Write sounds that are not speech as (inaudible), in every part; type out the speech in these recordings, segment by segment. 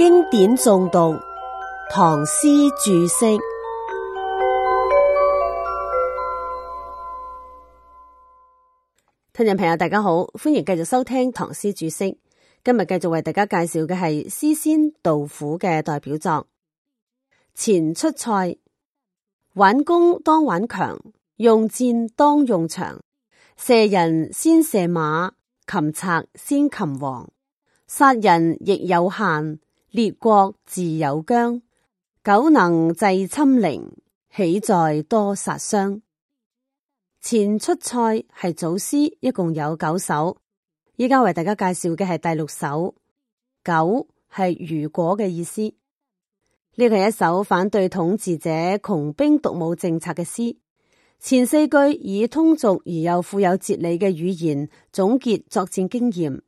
經典誦讀唐詩注釋。聽眾朋友，大家好，歡迎繼續收聽《唐詩注釋》。今日繼續為大家介紹嘅係詩仙杜甫嘅代表作《前出塞》。挽弓當挽強，用箭當用長。射人先射馬，擒賊先擒王。殺人亦有限。列國自有疆，苟能制侵陵，豈在多殺傷？前出塞係組詩，一共有九首。依家為大家介紹嘅係第六首。苟係如果嘅意思。呢個係一首反對統治者窮兵黷武政策嘅詩。前四句以通俗而又富有哲理嘅語言總結作戰經驗，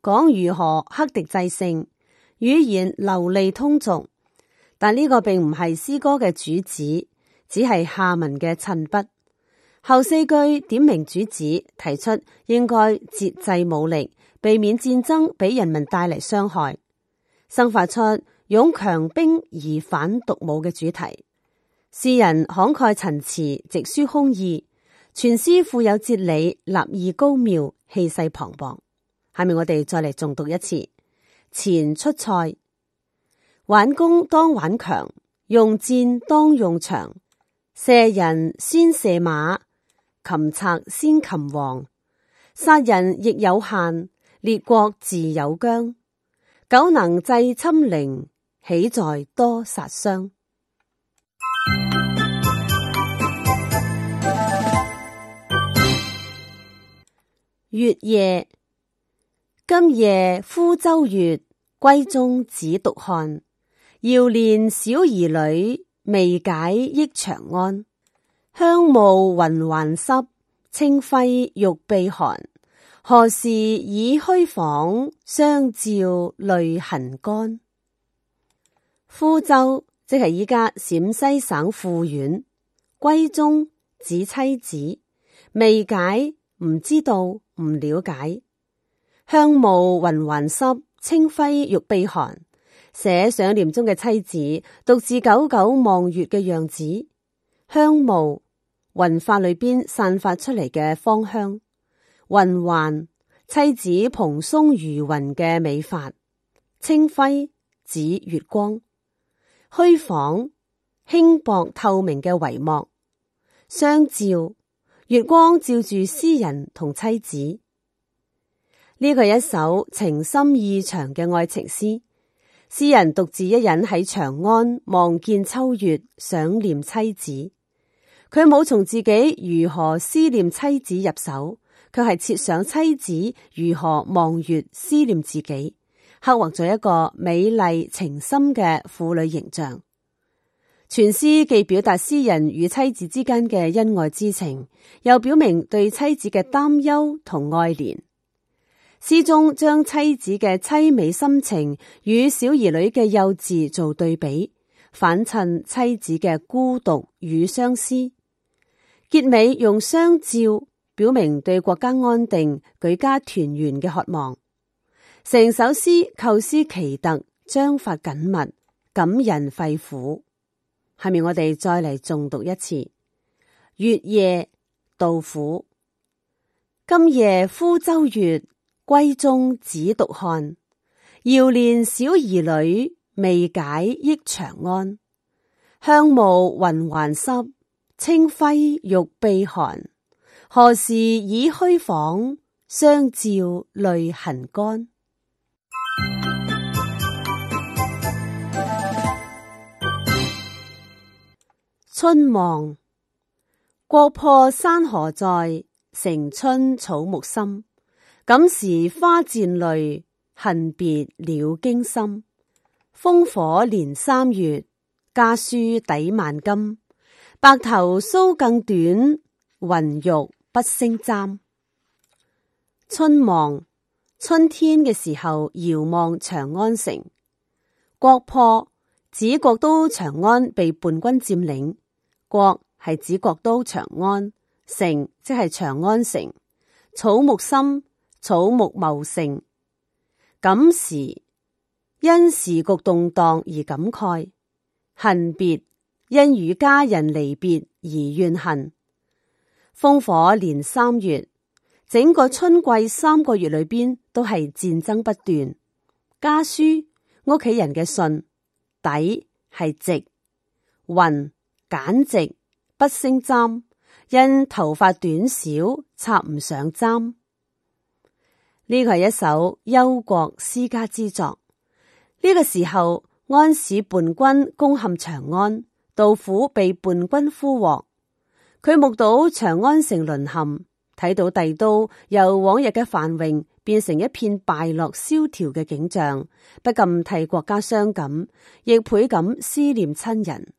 講如何克敵制勝。語言流利通俗，但呢個並唔係詩歌嘅主旨，只係下文嘅襯筆。後四句點明主旨，提出應該節制武力，避免戰爭畀人民帶嚟傷害，生發出勇強兵而反黷武嘅主題。詩人慷慨陳詞，直抒胸臆，全詩富有哲理，立意高妙，氣勢磅礴。下面我哋再嚟重讀一次。前出塞，挽弓當挽強，用箭當用長。射人先射馬，擒賊先擒王。殺人亦有限，列國自有疆。苟能制侵陵，豈在多殺傷？月夜。今夜夫州月，閨中只獨看。遙憐小兒女，未解憶長安。香霧雲鬟濕，清輝玉臂寒。何時已虛房，相照淚痕乾？夫州即係依家陝西省富縣，閨中指妻子，未解唔知道，唔了解。香霧雲鬟濕，清輝玉臂寒。寫想念中嘅妻子，獨自久久望月嘅樣子。香霧雲發裏邊散發出嚟嘅芳香，雲鬟妻子蓬鬆如雲嘅美發，清輝指月光，虛幌輕薄透明嘅帷幕，相照月光照住詩人同妻子。呢個係一首情深意長嘅愛情詩，詩人獨自一人喺長安望見秋月，想念妻子。佢冇從自己如何思念妻子入手，卻係設想妻子如何望月思念自己，刻畫咗一個美麗情深嘅婦女形象。全詩既表達詩人與妻子之間嘅恩愛之情，又表明對妻子嘅擔憂同愛憐。詩中將妻子嘅悽美心情與小兒女嘅幼稚做對比，反襯妻子嘅孤獨與相思。結尾用雙照表明對國家安定、舉家團圓嘅渴望。成首詩構思奇特，章法緊密，感人肺腑。下面我哋再嚟重讀一次《月夜》杜甫。今夜鄜州月。閨中只獨看，遙憐小兒女，未解憶長安。香霧雲鬟濕，清輝玉臂寒。何時已虛幌？相照淚痕乾。春望，國破山河在，城春草木深。感時花濺淚，恨別鳥驚心。烽火連三月，家書抵萬金。白頭搔更短，渾欲不勝簪。春望，春天嘅時候遙望長安城。國破指國都長安被叛軍佔領，國係指國都長安，城即係長安城。草木深。草木茂盛，感時因時局動蕩而感慨；恨別因與家人離別而怨恨。烽火連三月，整個春季三個月裏邊都係戰爭不斷。家書屋企人嘅信，底係直云，簡直不勝簪，因頭髮短小插唔上簪。呢個係一首憂國思家之作。呢個時候，安史叛軍攻陷長安，杜甫被叛軍俘獲，佢目睹長安城淪陷，睇到帝都由往日嘅繁榮變成一片敗落蕭條嘅景象，不禁替國家傷感，亦倍感思念親人。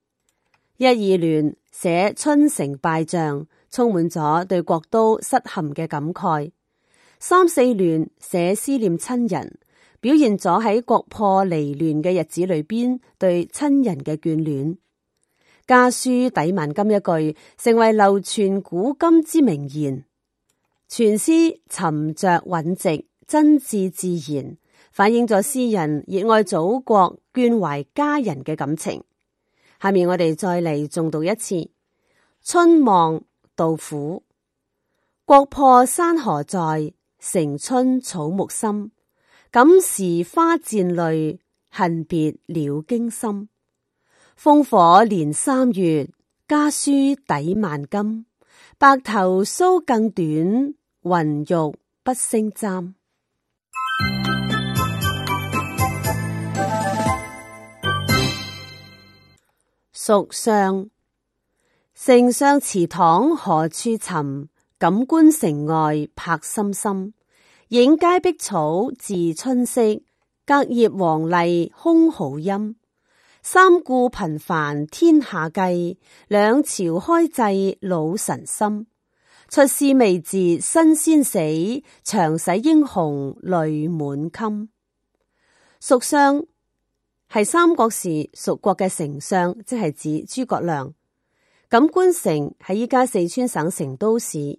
一二聯寫春城敗仗，充滿咗對國都失陷嘅感慨。三四聯寫思念親人，表現咗喺國破離亂嘅日子裏邊對親人嘅眷戀。家書抵萬金一句成為流傳古今之名言。全詩沉着穩直，真摯自然，反映咗詩人熱愛祖國、眷懷家人嘅感情。下面我哋再嚟重讀一次《春望》杜甫：國破山河在。城春草木深，感時花濺淚，恨別鳥驚心。烽火連三月，家書抵萬金。白頭搔更短，渾欲不勝簪。蜀 (music) 相，丞相祠堂何處尋？錦官城外柏森森，映階碧草自春色，隔葉黃鸝空好音。三顧頻繁天下計，兩朝開濟老臣心。出師未捷身先死，長使英雄淚滿襟。蜀相係三國時蜀國嘅丞相，即係指諸葛亮。錦官城係依家四川省成都市。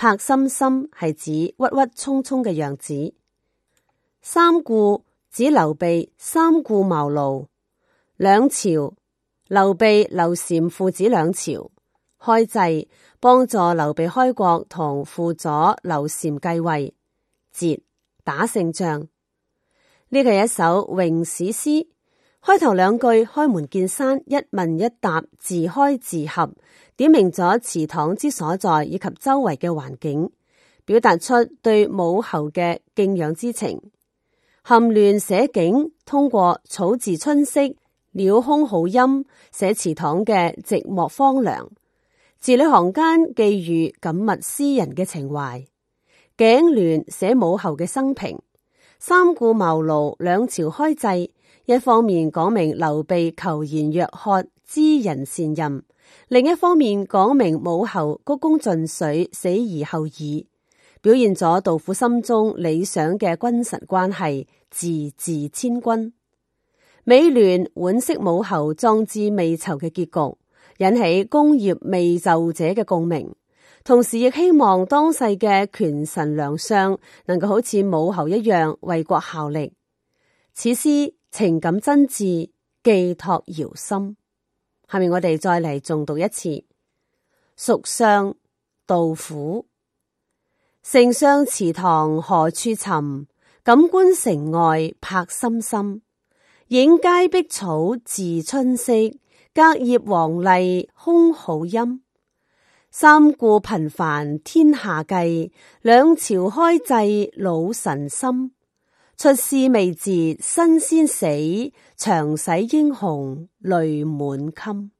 柏森森係指鬱鬱葱葱嘅樣子，三顧指劉備三顧茅廬，兩朝劉備劉禪父子兩朝開濟，幫助劉備開國，同輔佐劉禪繼位，捷打勝仗，呢個係一首詠史詩。開頭兩句開門見山，一問一答，自開自合，點明咗祠堂之所在以及周圍嘅環境，表達出對武侯嘅敬仰之情。頷聯寫景，通過草自春色、鳥空好音，寫祠堂嘅寂寞荒涼，字裏行間寄予感物思人嘅情懷。頸聯寫武侯嘅生平。三顧茅廬，兩朝開濟，一方面講明劉備求賢若渴、知人善任；另一方面講明武侯鞠躬盡瘁、死而後已，表現咗杜甫心中理想嘅君臣關係，字字千鈞。尾聯惋惜武侯壯志未酬嘅結局，引起功業未就者嘅共鳴。同時亦希望當世嘅權臣良相能夠好似武侯一樣為國效力。此詩情感真摯，寄託遙深。下面我哋再嚟重讀一次。蜀相杜甫，丞相祠堂何處尋？錦官城外柏森森，映階碧草自春色，隔葉黃鸝空好音。三顧頻煩天下計，兩朝開濟老臣心。出師未捷身先死，長使英雄淚滿襟。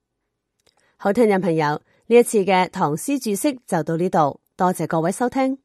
好聽人朋友，呢一次嘅唐詩註釋就到呢度，多謝各位收聽。